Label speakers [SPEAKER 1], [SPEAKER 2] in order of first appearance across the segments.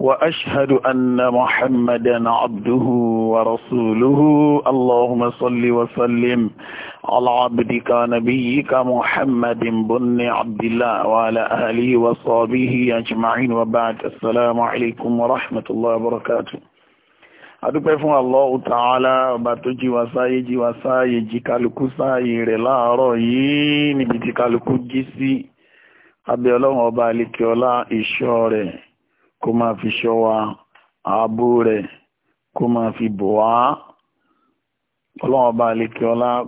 [SPEAKER 1] وأشهد أن محمدا عبده ورسوله اللهم صل وسلم على عبدك نبيك محمد بن عبد الله وعلى أهله وصحبه أجمعين وبعد السلام عليكم ورحمة الله وبركاته adúpẹ́ fún Allahu Ta'ala ọba tó jí wa sáyé jí wa sáyé jí kálukú sáyé rẹ̀ láàárọ̀ yìí níbi tí kálukú jí sí abẹ́ ọlọ́run ọba àlekè ìṣọ́ rẹ̀ kó fi ṣọ́ wa kó máa fi bò wá ọlọ́wọ́ bá ọlá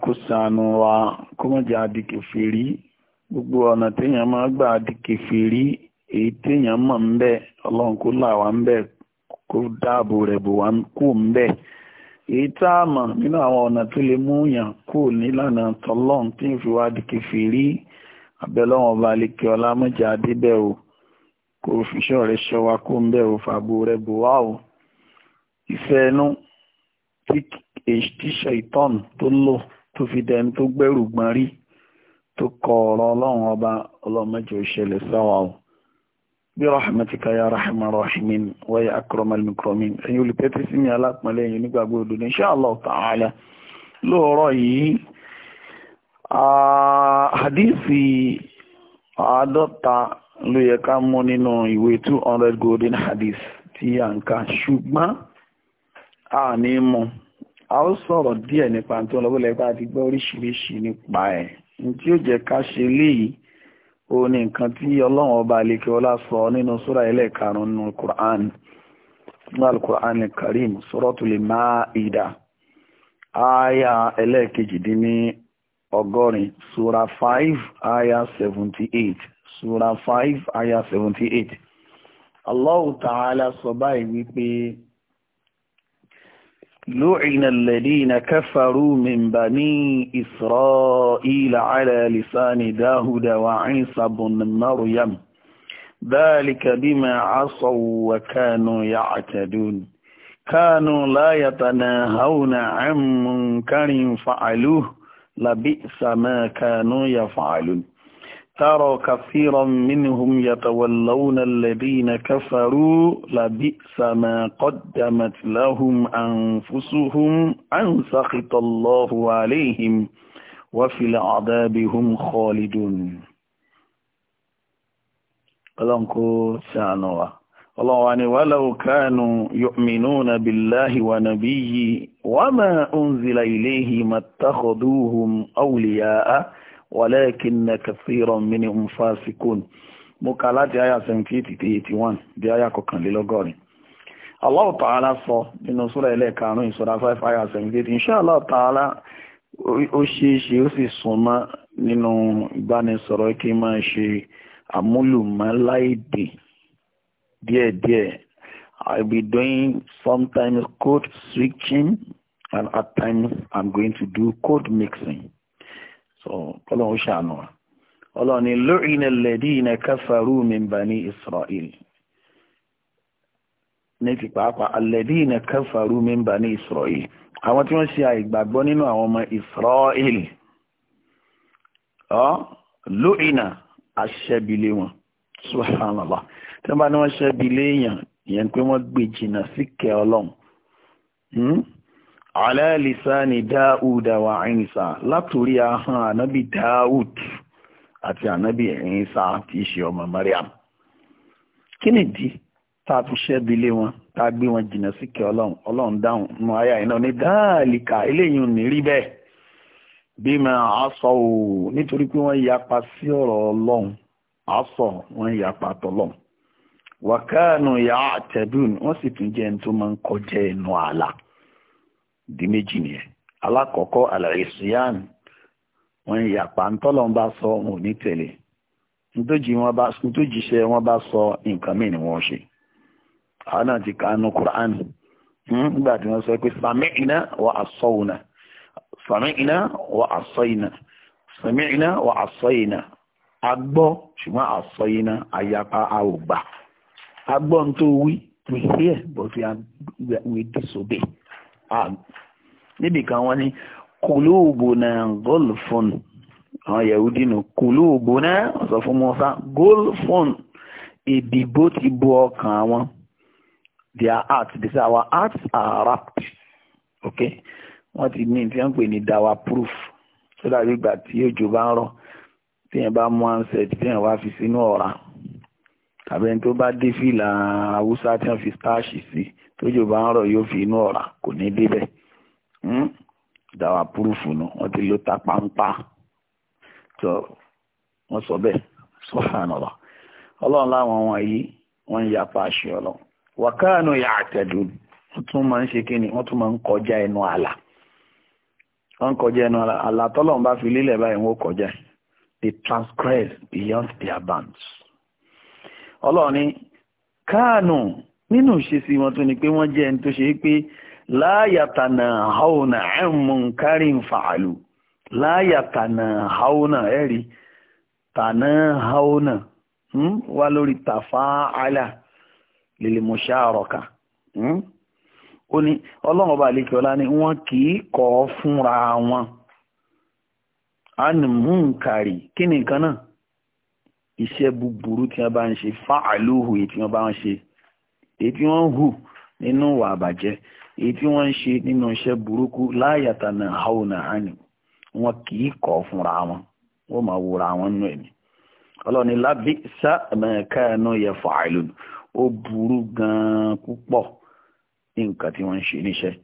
[SPEAKER 1] kó wa kó má jẹ́ fèrí gbogbo ọ̀nà téèyàn máa gbà adìkèfèrí èyí téèyàn mọ̀ ń ọlọ́run kó là wá ń kó dáàbò rẹ̀ bò wá kó ń èyí tá a mọ̀ nínú àwọn ọ̀nà tó lè mú yàn kó nílànà tí ń fi wá o. kò fiṣọ́ rẹ̀ ṣọ́ wa kó ń bẹ̀ ò fàbò rẹ̀ bò wá o ìfẹ́ inú tíṣà ìtọ́n tó lò tó fi dẹni tó gbẹ́rù gbọ́n rí tó kọ ọ̀rọ̀ ọlọ́run ọba ọlọ́mọjọ ìṣẹ̀lẹ̀ sáwà o bí rahmatika ya rahman rahimin wa ya akramal ẹ̀yin olùpẹ́tẹ́ sí mi alápọ̀nlé ẹ̀yin nígbàgbọ́ odò ní insha Allah ta'ala lóòrọ̀ yìí hadisi àádọ́ta ló yẹ ká mú nínú ìwé two golden hadith tí à a ní mú a ó sọ̀rọ̀ díẹ̀ nípa tó ń lọ ti gbọ́ oríṣiríṣi nípa ẹ̀ tí ó jẹ́ ká ṣe léyìí o ní nǹkan tí ọlọ́run ọba àlekè sọ nínú sura ún nínú Qur'an nínú alukur'an karim ẹlẹ́ẹ̀kejì dín ní five àyà seventy sura five aya seventy eight Allahu ta'ala sọ báyìí wípé lu'ina alladhina kafaru min bani isra'ila ala lisani dahuda wa isa bun maryam dhalika bima asaw wa kanu ya'tadun كانوا لا يتناهون عن منكر فعلوه لبئس ما كانوا يفعلون ترى كثيرا منهم يتولون الذين كفروا لبئس ما قدمت لهم أنفسهم أن سخط الله عليهم وفي العذاب هم خالدون الله يعني ولو كانوا يؤمنون بالله ونبيه وما أنزل إليه ما اتخذوهم أولياء ولكن kathiran minhum fasikun mo kà láti àyà 78 dé 81 dé àyà الله تعالى ta'ala sọ nínú súra كانوا ún ìsọ̀rọ̀ 5 àyà 78 insha Allah ta'ala ó ṣeé ṣe ó sì súnmọ́ nínú ìbánisọ̀rọ̀ kí máa ṣe àmúlùmọ́láìdè díẹ̀díẹ̀ I'll be doing sometimes code switching and at times I'm going to do code mixing so kọ́lọ́n ó ṣàánú wa ọlọ́run ni lu'ina alladina kafaru min bani israel ní ti pàápàá alladina kafaru min bani israel àwọn tí wọ́n ṣe àìgbàgbọ́ nínú àwọn ọmọ israel ọ́ lu'ina aṣẹ́bilé wọn subhanallah tí wọ́n bá ní wọ́n pé wọ́n gbé jìnnà síkẹ́ ọlọ́run hmm? ala lisani dáúdà wà ìrìnsà látòrí ahọ́n ànábì dáúd àti ànábì ìrìnsà tí í ṣe ọmọ mariam kí nìdí tá a fi ṣẹ́bi lé wọn tá a gbé wọn jìnnà síkẹ́ ọlọ́run ọlọ́run dáhùn nù ayá iná ní dáàlìkà eléyìí ní rí bẹ́ẹ̀ bí mà á sọ nítorí pé wọ́n yapa sí ọ̀rọ̀ ọlọ́run á wọ́n yapa tọ́lọ́run wàkàánù yà á wọ́n sì tún jẹ́ ẹni tó máa ń kọjá ẹnu ààlà. di méjì nìyẹn alákọ̀ọ́kọ́ alàìsíyàn wọn ìyàpá ntọ́lọ́n bá sọ wọn ò ní tẹ̀lé wọn bá sọ nǹkan mìíràn ni ṣe àwọn náà ti kàánú Qur'an hmm, nígbà tí sọ pé sami'na wa asawna sami'na wa asayna sami'na wa asayna a gbọ́ ṣùgbọ́n asayna ayapa a ò gbà a gbọ́ disobe. níbì kan wọ́n ní na gọ́lùfọ́n àwọn yahudi nù kùlùbùnà sọ fún Mùsá gọ́lùfọ́n ìdìbò ti bo ọkàn wọn their heart they say our hearts are wrapped okay wọ́n ti ní tí wọ́n pè ní dawa proof tó dàbí ìgbà tí òjò bá ń rọ̀ tí yẹn bá mú ansẹ̀ tí yẹn wá fi sínú ọ̀rá tàbí ẹni tó bá dé fìlà haúsá tí wọ́n fi stáàṣì sí tójò bá ń fi yóò fi inú ọ̀rá kò ní débẹ̀ hmm? dáwà púrúfù nu wọ́n ti ló ta pampa tó wọ́n sọ bẹ́ẹ̀ subhanallah ọlọ́run láwọn wọn yìí wọ́n ń ya àṣẹ ọlọ́run wàkàánù yà àtẹ̀dùn wọ́n tún máa ń ṣe kí ni wọ́n tún máa ń kọjá ẹnu àlà wọ́n ń kọjá ẹnu àlà àlà tọ́lọ́run bá fi lílẹ̀ báyìí wọ́n kọjá they transgress beyond their bounds ọlọ́run ní nínú ìṣesí wọn tó ni pé wọ́n jẹ́ ẹni tó ṣe é pé láyàtànà haúnà ẹ̀mùn kárìn fàálù láyàtànà haúnà ẹ̀rí tànà haúnà hmm, wá lórí tàfáàlà lílì mọ̀ṣáàrọ̀kà ó ní ọlọ́run ọba àlekè ọlá ni wọ́n kì í kọ́ fúnra wọn anìmúnkàrí kí ni nǹkan náà iṣẹ́ búburú tí wọ́n bá ń ṣe fáàlù hùwẹ̀ tí wọ́n bá ń ṣe e ti wọ́n hù nínú ụwa àbàjẹ́ e ti ṣe nínú iṣẹ burúkú láyàtà na haúnà wọn kì í fúnra wọn wọ́n máa wúra wọn nù ẹ̀mí ọlọ́ni lábí sá mẹ́ẹ̀ká ẹ̀nà yẹ fàáìlú ó burú gan-an pụpọ ní nǹkan tí wọ́n ṣe níṣẹ́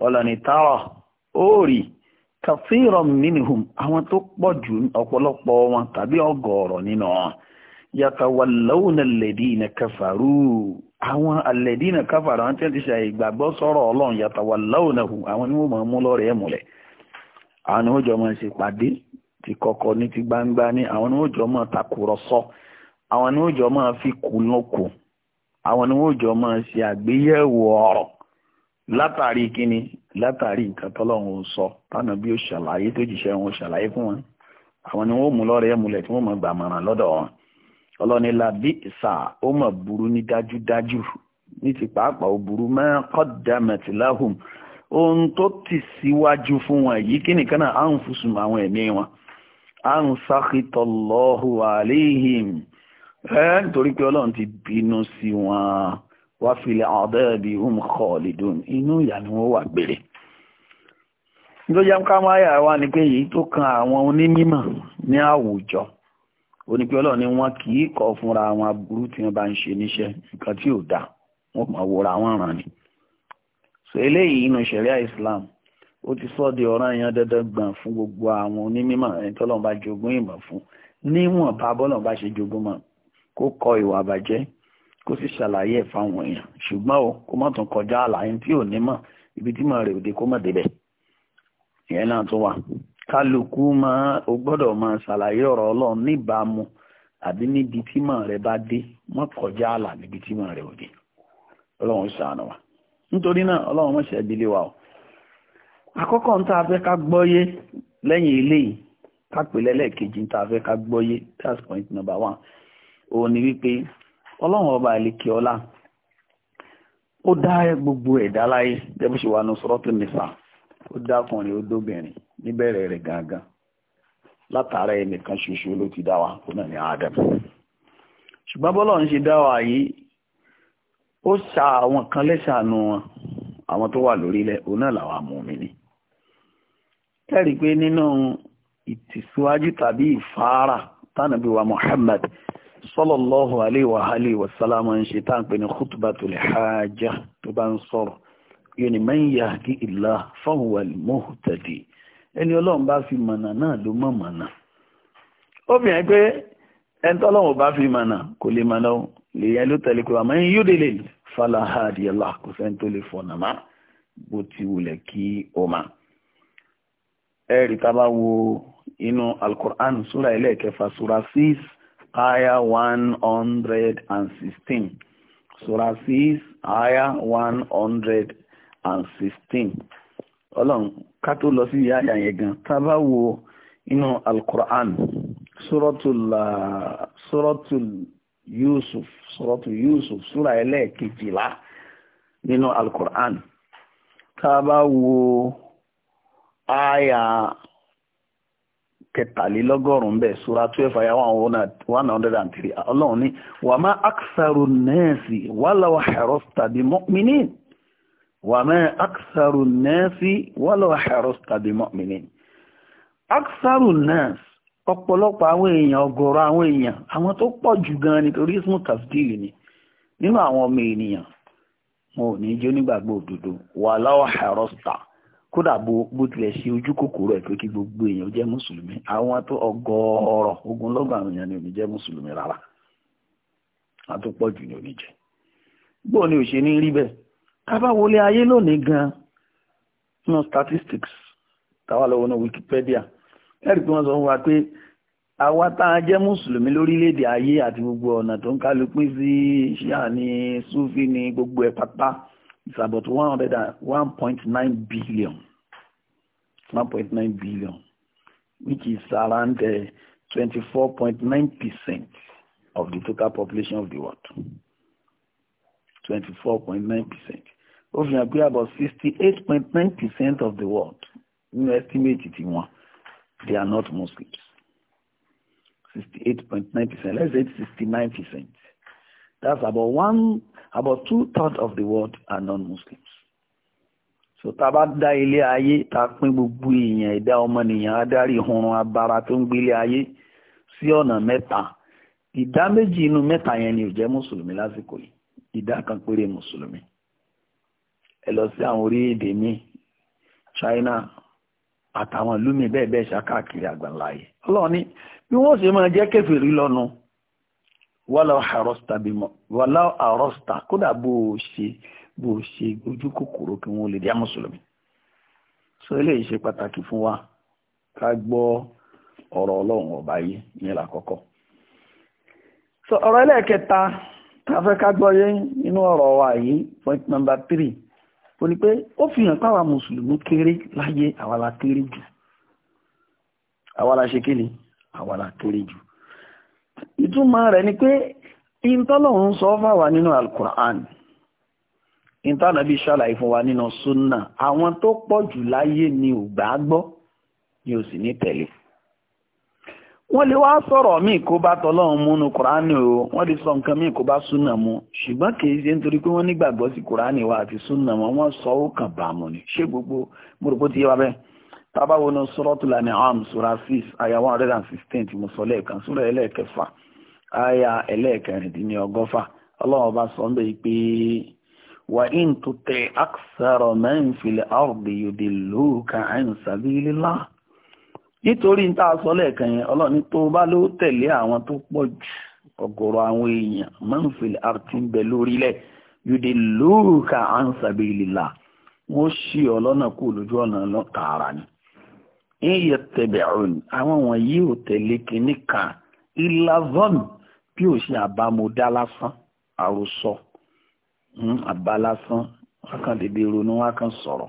[SPEAKER 1] ó rí àwọn tó jù ọpọlọpọ wọn tàbí ọgọrọ nínú wọn yàtàwàlọ́wọ́n alẹ́dínà káfàrú àwọn alẹ́dínà káfàrú àwọn tí wọ́n ti ṣe ìgbàgbọ́ sọ̀rọ̀ ọlọ́run yàtàwàlọ́wọ́n ahùn àwọn ni wọ́n máa mú lọ́rẹ̀ ẹ̀ múlẹ̀ àwọn ni wọ́n jọ máa ṣe ti kọ̀kọ̀ ní ti gbangba ni wọ́n jọ máa takùrọ̀sọ àwọn ni wọ́n fi kùnúkù àwọn ni wọ́n jọ máa ṣe àgbéyẹ̀wò ọ̀rọ̀ látàrí kíni látàrí nǹkan tọ́lọ́run ò sọ tánà bí ó ṣàlàyé tó jìṣẹ́ wọn ṣàlàyé fún ni wọ́n mú lọ́rẹ̀ ẹ̀ múlẹ̀ tí wọ́n máa gbàmọ̀ràn lọ́dọ̀ wọn ọlọ́ni labi ìsà ó mọ̀ burú ní dájúdájú ní ti pàápàá ó burú máa qaddamat lahum ohun tó ti síwájú fún wọn yìí kí nìkan náà àrùn fúsùn àwọn ẹ̀mí wọn àrùn sakhitallahu alaihim ẹ̀ nítorí pé ọlọ́run ti bínú sí wọn wá filẹ̀ àdẹ́ẹ̀bí hum khalidun inú ìyà ni wọ́n wà gbére ló yẹ ká máa yà wá ni pé èyí tó kan àwọn onímọ̀ ní àwùjọ ó ní pé ọlọ́run ni wọ́n kì í kọ́ fúnra àwọn aburú tí wọ́n bá ń ṣe níṣẹ́ nǹkan tí ò dáa wọ́n máa wòra wọn ràn ni. sọ eléyìí inú ṣẹ̀ríà Islam ó ti sọ di ọ̀ràn yẹn dandan gbọ̀n fún gbogbo àwọn onímọ̀ ẹni tọ́lọ́run bá jogún ìmọ̀ fún níwọ̀n bá bọ́lọ̀ bá ṣe jogún mọ́ kó kọ ìwà àbàjẹ́ kó sì ṣàlàyé ẹ̀ fáwọn èèyàn ṣùgbọ́n o kó má tún kọjá àlàyé tí ò ní mọ̀ ibi tí mọ̀ rè òde kó mọ̀ débẹ̀ ìyẹn náà tún wà kálukú máa o gbọ́dọ̀ máa ṣàlàyé ọ̀rọ̀ ọlọ́run níbàámu àbí níbi tí mọ̀ rẹ bá dé mọ́ kọjá àlà níbi tí mọ̀ rẹ ò dé ọlọ́run ṣàánú wa nítorí náà ọlọ́run mọ̀ ṣẹ́ ìdílé wa o àkọ́kọ́ ń tá fẹ́ ká gbọ́yé lẹ́yìn eléyìí ká pè lẹ́lẹ́kejì ń tá fẹ́ ká gbọ́yé that's point number one òun ni wípé ọlọ́run ọba àlekè ọlá ó dá gbogbo ẹ̀dá láyé jẹ́bùsùwà nù sọ́rọ́tò nìfà ó dákùnrin ó dóbìnrin níbẹ̀rẹ̀ rẹ̀ gangan látara ẹnìkan ṣoṣo ló ti dá wa kó náà ní Adam ṣùgbọ́n bọ́lọ̀ ń ṣe dá wa yìí ó ṣà àwọn kan lẹ́ṣàánú wọn àwọn tó wà lórílẹ̀ òun náà làwọn àmúmini kẹ́rì pé nínú ìtìsíwájú tàbí ìfáàrà tánàbí wa Muhammad sallallahu alaihi wa alihi wa sallam ń ṣe táǹpẹ̀ ní khutbatul hajjah tó bá ń sọ̀rọ̀ yẹnì man yahdihillah fahuwa al-muhtadi ẹni ọlọ́run bá fi mọ̀nà náà ló mọ̀ mọ̀nà ó fi hàn pé ẹni tọ́lọ́run bá fi mọ̀nà kò lè mọ̀nà o lè yẹn ló tẹ̀lé pé wa man yudlil fala hadiya lah kò sẹ́ni tó lè fọ̀nà má bó ti wulẹ̀ kí o mà ẹ̀rí tá a bá wo inú al-Qur'an súra ẹlẹ́ẹ̀kẹfà súra six aya one hundred and sixteen súra six aya one hundred and sixteen ọlọ́run ká tó lọ sí ìyá àyà yẹn gan tá a bá wo inú alukur'an suratul yusuf suratul yusuf sura ẹlẹ́ẹ̀kejìlá nínú alukur'an tá a bá wo àyà kẹtàlélọ́gọ́rùn-ún bẹ́ẹ̀ sura twelve àyà one hundred and three ọlọ́run ní wàmà aksaru nẹ́ẹ̀sì wàlàwà hẹ̀rọ́sítàbí mọ́mìnín wà mẹ́ aksaru nẹ́ẹ̀sì wọ́lọ̀ haros tàbí mọ́mìnì aksaru nẹ́ẹ̀sì ọ̀pọ̀lọpọ̀ àwọn èèyàn ọ̀gọ̀rọ̀ àwọn èèyàn àwọn tó pọ̀ jù gan nítorí ismu tasdil ni nínú àwọn ọmọ ènìyàn wọn ò ní jẹ́ onígbàgbọ́ òdodo wà láwọ̀ haros ta kódà bó tilẹ̀ ṣe ojú kòkòrò ẹ̀ pé kí gbogbo èèyàn jẹ́ mùsùlùmí àwọn tó ọ̀gọ̀ọ̀rọ̀ ogunlọ́gọ̀ àwọn ni ò ní jẹ́ mùsùlùmí rárá àtúpọ̀jù ni ò ni ò kábà wọlé ayé lónìí gan nínú statistics táwa lọ́wọ́ náà Wikipedia ẹ̀rí pé wọ́n sọ fún wa pé àwa tá a jẹ́ mùsùlùmí lórílẹ̀‐èdè ayé àti gbogbo ọ̀nà tó ń kálu pín sí ṣíà ní sufi ní gbogbo ẹ̀ pátá it's about one point nine billion one point nine billion which is around eh, twenty four point nine percent of the total population of the world twenty four point nine percent ó fi about sixty eight point nine percent of the world nínú estimate ti wọn they are not Muslims sixty eight point nine percent let's say sixty nine percent that's about one about two thirds of the world are non-Muslims so tá a bá dá ilé ayé tá a pín gbogbo èèyàn ẹ̀dá ọmọnìyàn adarí ìhunrun abara tó ń gbélé ayé sí ọ̀nà mẹ́ta ìdá méjì inú mẹ́ta yẹn ni ò jẹ́ mùsùlùmí lásìkò yìí ìdá kan péré mùsùlùmí ẹ lọ sí àwọn orílẹ̀-èdè míì China àtàwọn ìlú míì bẹ́ẹ̀ bẹ́ẹ̀ ṣàkàkiri àgbàláyé ọlọ́run ní bí wọ́n ṣe máa jẹ́ kèfèrí lọ́nu wàláwọ̀ àrọ́sítà kódà bó o ṣe bó o ṣe ojú kòkòrò kí wọ́n lè dí àmùsùlùmí so eléyìí ṣe pàtàkì fún wa ká gbọ́ ọ̀rọ̀ ọlọ́run ọba yìí ìyẹn lákọ́kọ́ so ọ̀rọ̀ ẹlẹ́ẹ̀kẹta tá a fẹ́ ká gbọ́ yé inú ọ̀rọ̀ wa yìí point number three ó ní pé ó fi hàn páwa mùsùlùmí kéré láyé àwa la kéré jù àwa la ṣe kíni àwa la kéré jù ìtumọ̀ rẹ̀ ni pé ìntọ́lọ̀hún sọ fáwa nínú alkùnrán ìntànàbí ṣàlàyé fún wa nínú súnnà àwọn tó pọ̀ jù láyé ni ò gbàgbọ́ ni ò sì ní tẹ̀lé wọ́n lè wá sọ̀rọ̀ míì kó bá tọ́lọ́run mú nu kùránì o wọ́n lè sọ nǹkan míì kó bá súnà mu ṣùgbọ́n kìí ṣe nítorí pé wọ́n nígbàgbọ́ sí kùránì wa àti súnà wọn wọ́n sọ ó kàn bá mu ni ṣé gbogbo mọ̀rọ̀pọ̀ ti yé wa bẹ́ẹ̀ tábà wo ni suratul An'am sura six aya one hundred and sixteen tí mo sọ lẹ́ẹ̀kan sura ẹlẹ́ẹ̀kẹfà aya ẹlẹ́ẹ̀kẹrìndínlọ́gọ́fà ọlọ́run nítorí ń tàà sọ lẹ́ẹ̀kan yẹn ọlọ́ni tó bá ló tẹ̀lé àwọn tó pọ̀ jù ọ̀gọ̀rọ̀ àwọn èèyàn mọ́nfìlì àti ń bẹ lórílẹ̀ yóde lóòkà à ń sàbẹ̀ ìlìlà wọ́n ṣì ọ lọ́nà kú lójú ọ̀nà tààrà ni. ìyẹ tẹ̀bẹ̀ ọ̀run àwọn wọ̀nyí ò tẹ̀lé kínní kan ìlàvọ́n bí ò ṣe àbámọ̀dá lásán àròsọ hmm, àbá lásán wákàndínlẹ́rọ̀ ni wákàn sọ̀rọ̀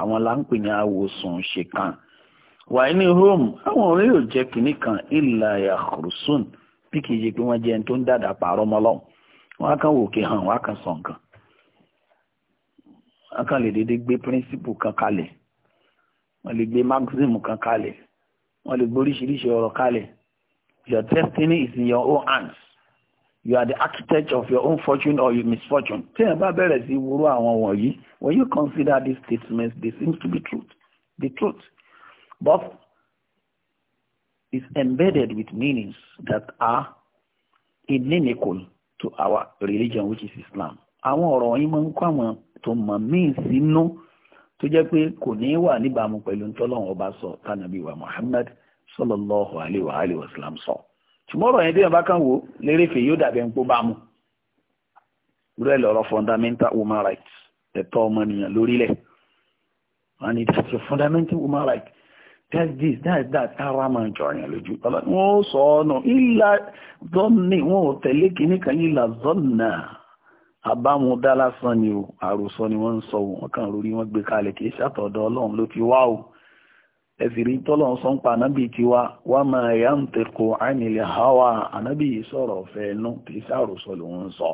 [SPEAKER 1] àwọn láǹpẹ̀ ní àwòsàn ṣe kan wàá ní home àwọn ọ̀rẹ́ yóò jẹ́ kínní kan ìlà yakhrusun bí kì í ṣe pé wọ́n jẹ́ ẹni tó ń dàdà pààrọ̀ mọ́lọ́hùn wọ́n á kàn wò kí hàn wọ́n á kàn sọ nǹkan wọ́n á lè dédé gbé píríncípù kan kalẹ̀ wọ́n lè gbé maxim kan kalẹ̀ wọ́n lè gbé oríṣiríṣi ọ̀rọ̀ kalẹ̀ your destiny is in your own hands you are the architect of your own fortune or your misfortune. Téèyàn bá bẹ̀rẹ̀ sí wúrú àwọn wọ̀nyí, when you consider these statements, they seem to be truth. The truth. Both is embedded with meanings that are inimical to our religion which is Islam. Àwọn ọ̀rọ̀ yìí máa ń kó àwọn tó mọ̀ míì sínú tó jẹ́ pé kò ní wà níbàámu pẹ̀lú ntọ́lọ́run ọba sọ tánàbí wa Muhammad sallallahu alayhi wa alayhi wa sallam sọ. Ṣùgbọ́n ọ̀rọ̀ yẹn tí yẹn bá kàn wò lérèfé yóò dàbẹ̀ ń pó bá mu. Rẹ̀ lọ̀rọ̀ fundamental human rights ẹ̀tọ́ ọmọnìyàn lórílẹ̀. Wọ́n á ní ìdájọ́ fundamental human rights that's this that's that táwa máa ń jọyàn lójú ọlọ́run wọn ó sọ ọ́nà ìlà zọ́ọ̀nì wọn ò tẹ̀lé kìíní kan ìlà zọ́ọ̀nà àbámudá lásán ni o àròsọ ni wọ́n ń sọ wọn kàn lórí wọn gbé kalẹ̀ kì ṣàtọ̀dọ̀ ọlọ́run ló ti wá o ẹ̀sìrí tọ́lọ́n sọ ń pa ànábì tiwa wá máa yá ń tẹ̀kọ́ àìnílẹ̀ hawa ànábì yìí sọ̀rọ̀ ọ̀fẹ́ ẹnu kì í ṣàròsọ lòun sọ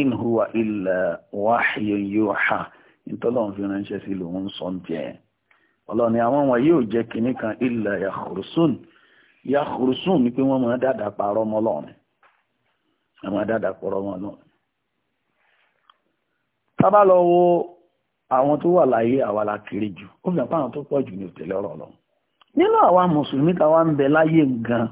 [SPEAKER 1] in huwa illa wahyun yuha ìtọ́lọ́n fi ránṣẹ́ sí lòun sọ ń tiẹ̀ ọlọ́ni àwọn wọn yóò jẹ́ kìíní kan ilẹ̀ yahurusun yahurusun ni pé wọ́n máa dáadáa parọ́ mọ́ Ọlọ́run àwọn dáadáa parọ́ mọ́ Ọlọ́run. tábà lọ wo àwọn tó wà láyé àwa la kéré jù ó fi hàn pé àwọn tó pọ̀ jù ní òtẹ́lẹ̀ ọ̀rọ̀ lọ. nínú àwa mùsùlùmí táwa ń bẹ láyé gan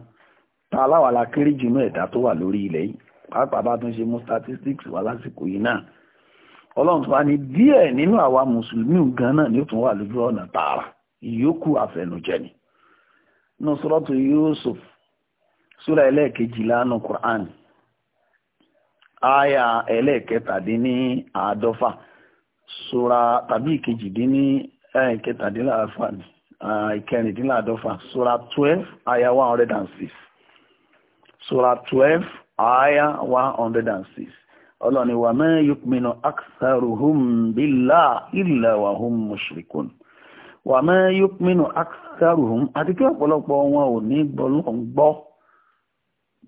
[SPEAKER 1] ta aláwa la jù ní ẹ̀dá tó wà lórí ilẹ̀ yìí pàápàá bá tún ṣe mú statistics wà lásìkò yìí náà ọlọ́run tó wá ní díẹ̀ nínú àwa mùsùlùmí gan náà ni ó tún wà lójú ọ̀nà tààrà ìyókù àfẹnujẹ ni nínú sọ́rọ́tù Yusuf súra ẹlẹ́ẹ̀kejìlá nù Qur'an aya ẹlẹ́ẹ̀kẹtàdínní àádọ́fà súra tàbí ìkejìdínní ẹ̀ẹ́kẹtàdínláàfà ìkẹrìndínláàdọ́fà súra twelve aya one hundred and six súra twelve aya one hundred and six ọlọ́ni wà ma yu'minu aktharuhum billahi illa wa hum mushrikun wà ma yu'minu aktharuhum àti kí ọ̀pọ̀lọpọ̀ wọn ò ní gbọ́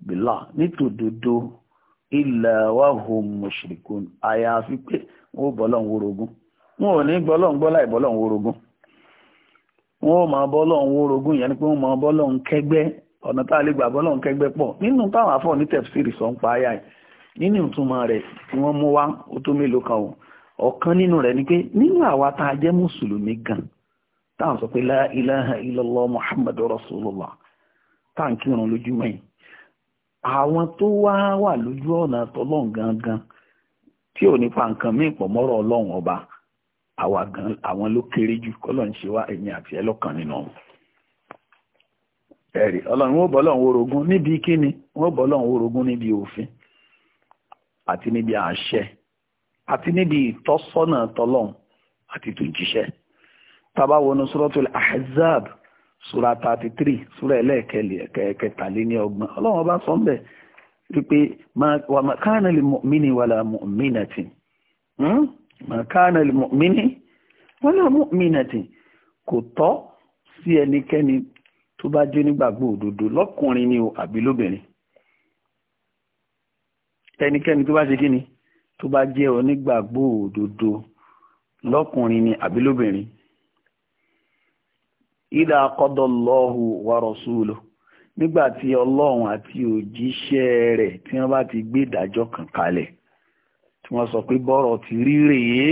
[SPEAKER 1] billahi nítòdodo illa wa hum mushrikun àyàfi pé wọ́n bọ́lọ̀ ń worogún wọn ò ní gbọ́lọ̀ ń gbọ́ láì bọ́lọ̀ ń worogún wọn ò máa bọ́lọ̀ ń worogún ìyẹn ni pé wọ́n máa bọ́lọ̀ ń ọ̀nà tá a lè gbà bọ́lọ̀ ń pọ̀ nínú táwọn afọ́ ní tẹ̀fsírì sọ ń pa ayá yìí nínú ìtumọ̀ rẹ̀ tí wọ́n mú wá ó tó mélòó kan o ọ̀kan nínú rẹ̀ ni pé nínú àwa tá a jẹ́ gan sọ pé muhammadu rasulullah táà ń kírun lójúmọ́ yìí àwọn tó wá wà lójú ọ̀nà tọ́lọ́n gangan tí ò nípa nǹkan míì pọ̀ ọba àwa gan àwọn ló kéré jù ṣe wá àti ẹlọ́kan nínú ọlọ́run wọ́n bọ́ níbi kíni àti níbi àṣẹ àti níbi ìtọ́sọ́nà tọlọ́n àti tòjíṣẹ́ tábà wọnú suratul ahzab sura thirty three sura ẹlẹ́ẹ̀kẹtàléní ọgbọ̀n ọlọ́run ọba sọ ń bẹ̀ wípé wa ma kana lil mu'mini wala mu'minatin hmm? ma kana lil mu'mini wala mu'minatin kò tọ́ sí ẹnikẹ́ni tó bá jẹ́ onígbàgbọ́ òdodo lọ́kùnrin ni o àbí lóbìnrin ẹnikẹ́ni tó bá ṣe kí ni tó bá jẹ́ onígbàgbọ́ òdodo lọ́kùnrin ni àbí lóbìnrin ìdá qadallahu wa rasuluhu nígbà tí ọlọ́run àti òjíṣẹ́ rẹ̀ tí wọ́n bá ti gbé ìdájọ́ kan kalẹ̀ tí wọ́n sọ pé bọ́rọ̀ ti rí rèé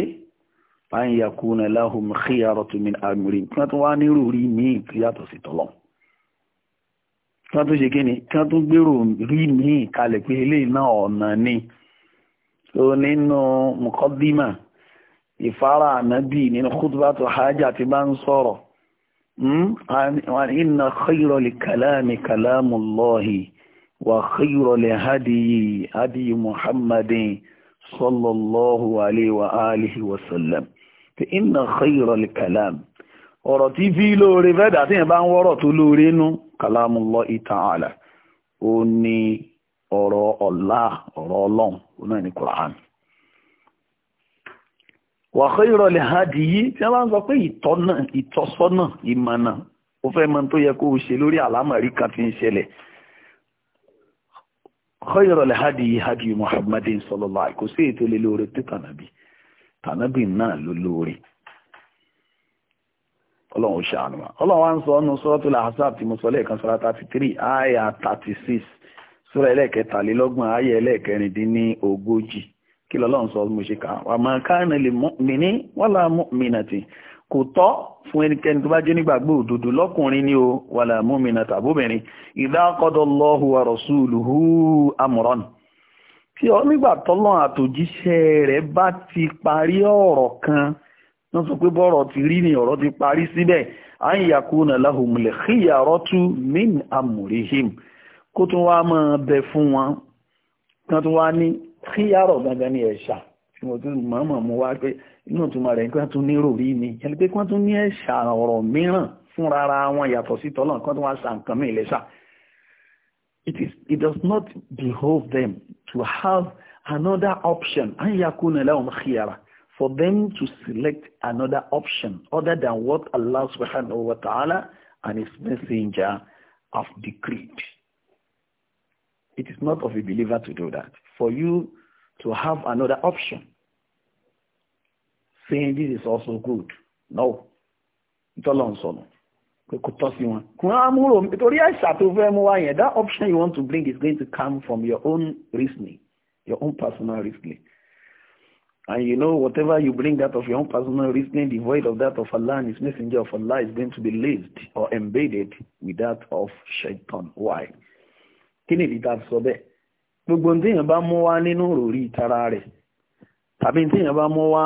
[SPEAKER 1] an yakuna lahum khiyaratu min amrin wọ́n tún wá nírú rí míì tí yàtọ̀ sí tọ́lọ́run tí wọ́n tún ṣe kíni tí wọ́n tún gbèrò rí míì kalẹ̀ pé eléyìí náà ọ̀nà ni so nínú mukọ́dímà ìfárá ànábì nínú kútùbátù hajjá ti bá ń sọ̀rọ̀ hmm? inna khayra li kalami kalamullahi wa khayra li hadiyi hadiyi muhammadin sallallahu alaihi wa alihi wa sallam inna khayra li kalami ọ̀rọ̀ tí fi lóore fẹ́dà tí yẹn bá ń wọ́rọ̀ tó lóore nú kalamullahi ta'ala ó ní ọ̀rọ̀ ọ̀la ọ̀rọ̀ ọlọ́run ó náà ní Kùránì wa khayra lihadiyi tí wọ́n bá ń sọ pé ìtọ́nà ìtọ́sọ́nà ìmọ̀nà ó fẹ́ mọ tó yẹ kó o ṣe lórí àlámọ̀rí kan tí ń ṣẹlẹ̀ khayra lihadiyi hadiyu Muhammadin sallallahu kò sí ètò lé lóore tó tànàbí tànàbí náà ló lóore ọlọ́run ó ṣàánú wa ọlọ́run wa ń sọ ọ́nù suratul ahzab tí mo sọ lẹ́ẹ̀kan sọ́ra thirty three aya thirty six sọ́ra ẹlẹ́ẹ̀kẹtàlélọ́gbọ̀n aya ẹlẹ́ẹ̀kẹrìndínlógójì kí lọ́lọ́run sọ mo ṣe kà wà máa kana lil mu'mini wala mu'minati kò tọ́ fún ẹnikẹ́ni tó bá jẹ́ nígbàgbọ́ òdodo lọ́kùnrin ni o wala mu'minata àbóbìnrin idha qadallahu wa rasuluhu amran tí ọ nígbà tọ́lọ́run àtòjíṣẹ́ rẹ̀ bá ti parí ọ̀rọ̀ kan wọ́n sọ pé bọ́rọ̀ ti rí ni ọ̀rọ̀ ti parí síbẹ̀ ayyakuna lahumul khiyaratu min amurihim kó tún wá máa bẹ fún wọn kan tún wá ní kí wọ́n tún ní ẹ̀ṣà it is it does not behove them to have another option ayyakuna lahum khiyara for them to select another option other than what Allah subhanahu wa ta'ala and his messenger have decreed. It is not of a believer to do that. For you to have another option, saying this is also good. No. it's all Pé kò tọ́ that option you want to bring is going to come from your own reasoning, your own personal reasoning. And you know, whatever you bring that of your own personal reasoning, devoid of that of Allah and His messenger of Allah is going to be laced or embedded with that of shaitan. Why? Kí ni ìdíta sọ bẹ́ẹ̀? Gbogbo ní èèyàn bá mú wá nínú òròrí ìtara rẹ̀, tàbí ní èèyàn bá mú wá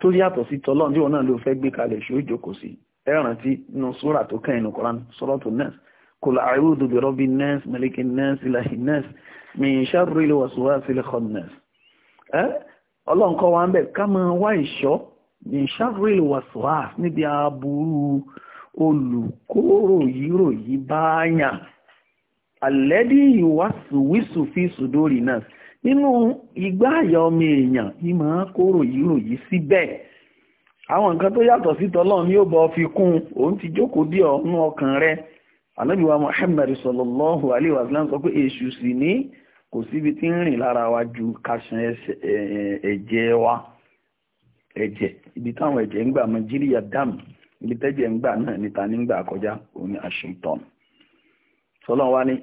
[SPEAKER 1] tó yàtọ̀ sí tọ́lọ́n tí wọn náà ló fẹ́ gbé kalẹ̀ ṣó jókòó sí. Ẹ rántí inú súrà tó kẹ́yìn ní Koran, Suratu Nas, Qul a'udhu bi rabbin nas, malikin nas, ilahin nas, min sharril waswasil khannas. ọlọ́nkọ́ wa ń bẹ̀ ká máa wá ìṣọ́ ní níbi aburú olùkóró yíró yìí báyà àlẹ́dí ìwàsíwìsù fi sùdórì náà nínú igbá àyà ọmọ èèyàn yìí máa kóró yìí àwọn nǹkan tó yàtọ̀ sí tọ́lọ́ ni ó bọ́ fi kún òun ti jókòó dí ọ̀nù ọkàn rẹ̀ wa sallam sọ pé èṣù sì kò síbi tí ń rìn lára wa ju kásán ẹ̀jẹ̀ wa ẹ̀jẹ̀ ibi táwọn ẹ̀jẹ̀ ń gbà mọ jíríyà dáàmù ibi tẹ́jẹ̀ ń gbà náà níta nígbà kọjá òun ni àṣetán sọlọ́n wa ni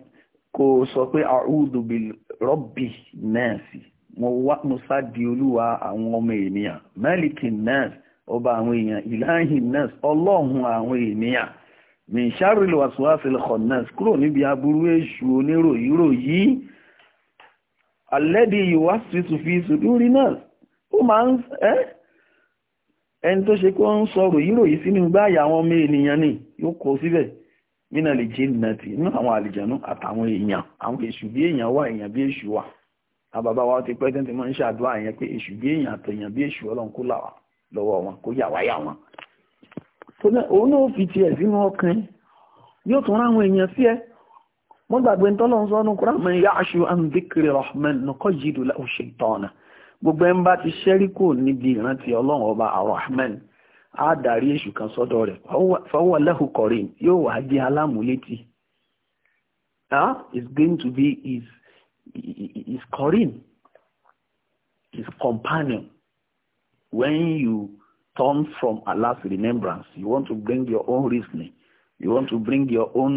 [SPEAKER 1] kò sọ pé àrùdù bí rọ́bì nẹ́ẹ̀sì mo wá mo sá di olúwa àwọn ọmọ ènìyàn mẹ́lìkì nẹ́ẹ̀sì ọba àwọn èèyàn ìlàhì nẹ́ẹ̀sì ọlọ́hun àwọn ènìyàn mìṣàrìlì wàsíwàsílẹ̀ kọ̀ nẹ́ẹ̀sì kúrò níbi aburú èṣù oníròyìnròyìn alẹ́dí ìwá sítù fi sùdúrí náà ó máa ń ẹ́ ẹni tó ṣe kó ń sọ̀rọ̀ yíró yìí sínú gbáyà àwọn ọmọ ènìyàn ni yóò kó síbẹ̀ nínà lè jí nàtì nínú àwọn àlìjànú àtàwọn èèyàn àwọn èṣù bí èèyàn wà èèyàn bí èṣù wà àbàbá wa ti pẹ́ tí wọ́n ń ṣàdúrà yẹn pé èṣù bí èèyàn àtẹ̀yàn bí èṣù ọlọ́run kó là wá lọ́wọ́ wọn kó yà wáyà wọn. òun náà fi tiẹ̀ mọ́ gbàgbé ń rahman gbogbo ń bá ti níbi ọlọ́run ọba á darí èṣù kan sọ́dọ̀ rẹ̀ wá di alámúlétì is going to be his his kọ̀rin his companion when you turn from Allah's remembrance you want to bring your own reasoning you want to bring your own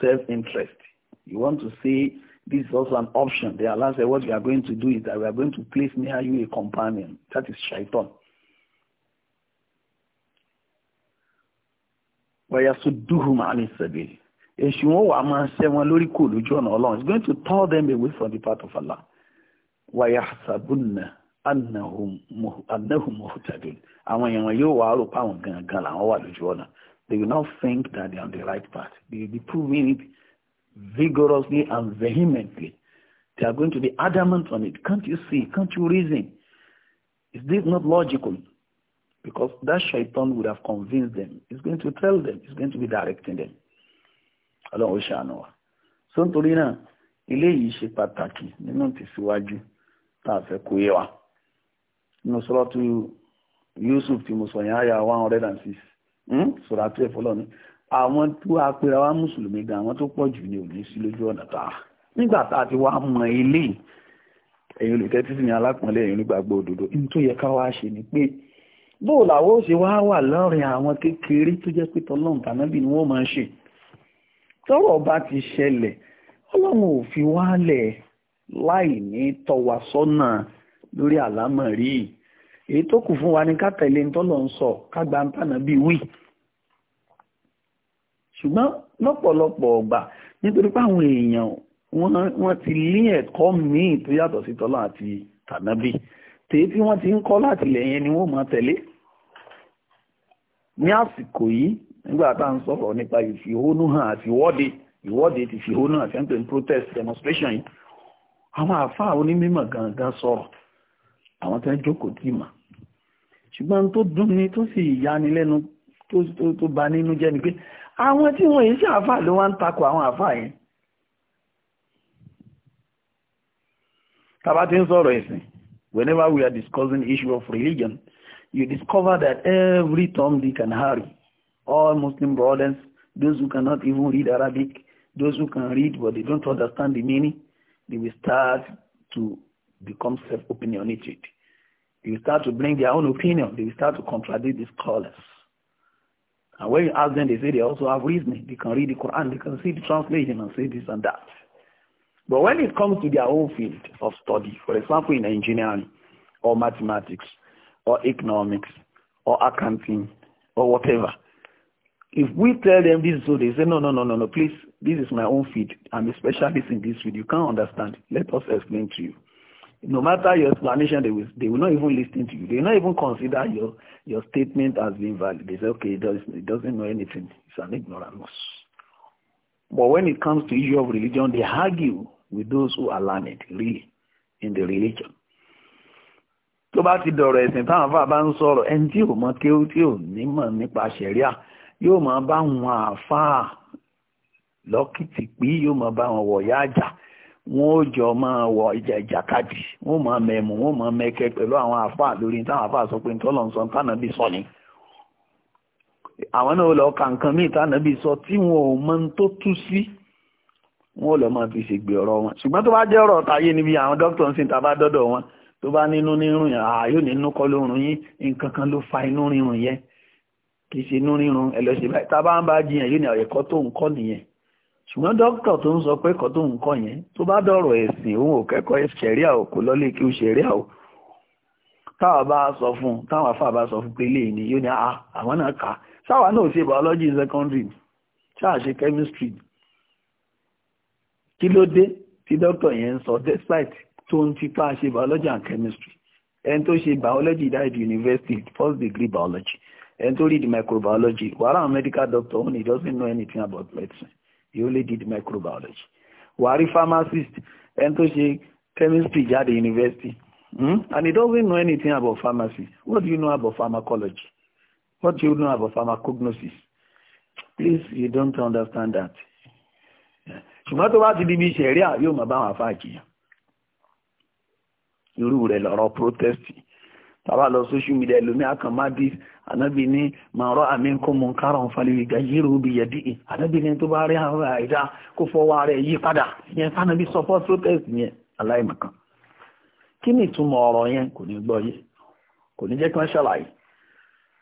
[SPEAKER 1] self-interest you want to see this is also an option. The Allah said, what we are going to do is that we are going to place near you a companion. That is shaitan. it's going to turn them away from the path of Allah wà they will not think that they are on the right path they will be proving it vigorously and vehemently. They are going to be adamant on it. Can't you see? Can't you reason? Is this not logical? Because that shaitan would have convinced them. He's going to tell them. He's going to be directing them. Ọlọ́run ṣàánú wa. So nítorí náà, ilé yìí ṣe pàtàkì nínú tẹ̀síwájú tá a fẹ́ kó yé wa. Nínú Suratu Yusuf tí mo sọ yẹn, àyà one hundred and six. Sọ̀rọ̀ àti ẹ̀fọ́ lọ́nà àwọn tó apẹ̀rẹ̀ wa mùsùlùmí gan àwọn tó pọ̀ jù ní òní sí lójú ọ̀nà tá a nígbà wá mọ ilé ẹ̀yin olùkẹ́ ní alápọ̀nlé ẹ̀yin onígbàgbọ́ òdodo ní tó yẹ ká wá ṣe ni pé bóò làwọn ó ṣe wá wà lọ́rin àwọn kékeré tó jẹ́ pé tọ́lọ́run tànábì ni wọ́n máa ń ṣe tọ́rọ̀ bá ti ṣẹlẹ̀ ọlọ́run ò fi wálẹ̀ láì ní tọ́wa sọ́nà lórí àlámọ̀rí èyí tó kù fún wa ní ká tẹ̀lé ń tọ́lọ̀ sọ ká gba tànábì wí ṣùgbọ́n lọ́pọ̀lọpọ̀ ọgbà nítorí pé àwọn èèyàn wọ́n ti lé ẹ̀kọ́ míì tó yàtọ̀ sí tọ́lá àti tànábì tèyí tí wọ́n ti ń kọ́ láti ilẹ̀ yẹn ni wọ́n máa tẹ̀lé ní àsìkò yìí nígbà tá à ń sọ̀rọ̀ nípa ìfìhónú hàn àti ìwọ́de ìwọ́de ti fìhónú àti ẹ̀ńpẹ̀ protest demonstration yìí àwọn àáfàá onímọ̀ gangan sọ̀rọ̀ àwọn tẹ́ jókòó tì mà ṣùgbọ́n tó dùn ni tó sì yanilẹ́nu tó bá nínú jẹ́ ni pé àwọn tí wọ́n yìí sí àfà ló wá ń takò àwọn àfà yìí tàbá tí ń sọ̀rọ̀ ẹ̀sìn whenever we are discussing issue of religion you discover that every Tom, Dick and Harry all Muslim brothers those who cannot even read Arabic those who can read but they don't understand the meaning they will start to become self-opinionated they will start to bring their own opinion they will start to contradict the scholars and when you ask them, they say they also have reasoning. They can read the Quran, they can see the translation and say this and that. But when it comes to their own field of study, for example in engineering or mathematics or economics or accounting or whatever, if we tell them this, so they say, no, no, no, no, no, please, this is my own field. I'm a specialist in this field. You can't understand. Let us explain to you. no matter your explanation, they will, they will not even listen to you. They will not even consider your, your statement as being valid. They say, okay, it, does, it doesn't know anything. It's an ignoramus. But when it comes to issue of religion, they argue with those who are learned, really, in the religion. Tó bá ti dọ̀rọ̀ ẹ̀sìn táwọn àfáà bá ń sọ̀rọ̀, ẹni tí ò mọ kéwú tí ò nímọ̀ nípa ṣẹ̀ríà yóò máa bá wọn àfáà lọ́kìtì pí yóò máa bá wọn wọ̀yá àjà wọn ò jọ máa wọ ìjà ìjàkadì wọn ò máa mẹ̀mú wọn ò máa mẹ́kẹ pẹ̀lú àwọn àfáà lórí táwọn àfáà sọ pé nítorí ọ̀nà sọ̀tàn náà bí sọ ni. àwọn náà lọ ka nǹkan míì táwọn náà bí sọ tí wọn ò mọ tó tú sí wọn ò lọ máa fi ṣègbè ọ̀rọ̀ wọn ṣùgbọ́n tó bá jẹ́ ọ̀rọ̀ táyé níbi àwọn dókítà ń sìn tá a bá dọ́dọ̀ wọn tó bá nínú nírùn yẹn ààyò nínú kọ́ ló rùn yín nǹkan kan ló fa inú rírun yẹn kì í ṣe inú rírun ẹ lọ ṣe báyìí tá bá ń bá jiyàn yóò ní ẹ̀kọ́ tó ń kọ́ nìyẹn ṣùgbọ́n dókítà tó ń sọ pé kọ́ tó ń kọ́ yẹn tó bá dọ̀rọ̀ ẹ̀sìn òun ò kẹ́kọ̀ọ́ ṣẹ̀ríà ò kò lọ́lé kí ó ṣẹ̀ríà ò táwọn bá sọ fún táwọn afá bá sọ fún pé lè ní yóò ní ah, àwọn náà kà sáwọn náà ṣe biology in secondary ṣáà ṣe chemistry kí ló dé tí dókítà yẹn ń sọ despite tó ń tipa ṣe biology and chemistry ẹni tó ṣe biology died university first degree biology ẹni tó read microbiology wàhálà medical doctor òun doesn't know anything about medicine he only did microbiology wàá rí pharmacist ẹni tó ṣe chemistry jáde university hmm? and he doesn't know anything about pharmacy what do you know about pharmacology what do you know about pharmacognosis please you don't understand that ṣùgbọ́n wa bá ti di bí ṣẹ̀ríà yóò máa bá wọn àfáà jìyàn irú rẹ̀ lọ́rọ̀ protest tàbá lọ social media ẹlòmíà kan má dis ànábì ní màrọ́ àmínkù munkaran falyughayyirhu biyadihi ànábì ní tó bá rí àwọn àìdá kó fọwọ́ rẹ̀ yí padà ìyẹn sànábì sọ fọ́ protest yẹn aláìmọ̀kan kí ni ìtumọ̀ ọ̀rọ̀ yẹn kò ní gbọ́ yé kò ní jẹ́ kí wọ́n ṣàlàyé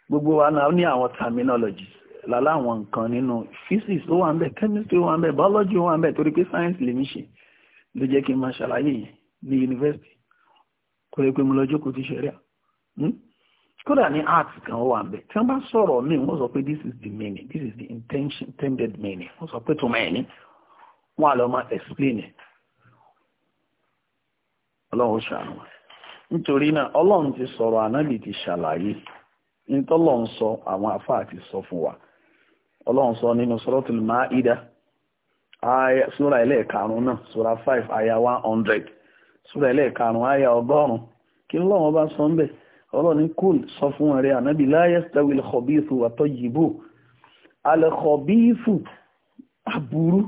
[SPEAKER 1] gbogbo wa náà ní àwọn terminology láláwọn nǹkan nínú physics ó wà ń chemistry ó wà ń biology ó wà ń bẹ̀ torí science lè mí ṣe ló jẹ́ kí n máa ṣàlàyé yẹn ní yunifásitì kò mo lọ jókòó ti ṣẹ̀ríà hmm? kódà ní art kan wà ń bẹ tí wọ́n bá sọ̀rọ̀ míì wọ́n sọ pé this is the meaning this is the intention intended meaning wọ́n sọ pé tó máa ní wọ́n máa explain it ọlọ́run ṣàánú nítorí náà ọlọ́run ti sọ̀rọ̀ ànábì ti ṣàlàyé nítọ́lọ́run sọ àwọn àfáà ti sọ fún wa ọlọ́run sọ nínú suratul Maida sura ẹlẹ́ẹ̀karùn-ún náà sura five aya one hundred sura ẹlẹ́ẹ̀karùn-ún aya ọgọ́rùn-ún kí lọ́wọ́n bá sọ ń ọlọ́ni kúl sọ fún ẹ̀rẹ́ ànábì láyẹ́sítẹ́wì lẹ́kọ̀bíìfù àtọ́yìbò alẹ́kọ̀bíìfù aburú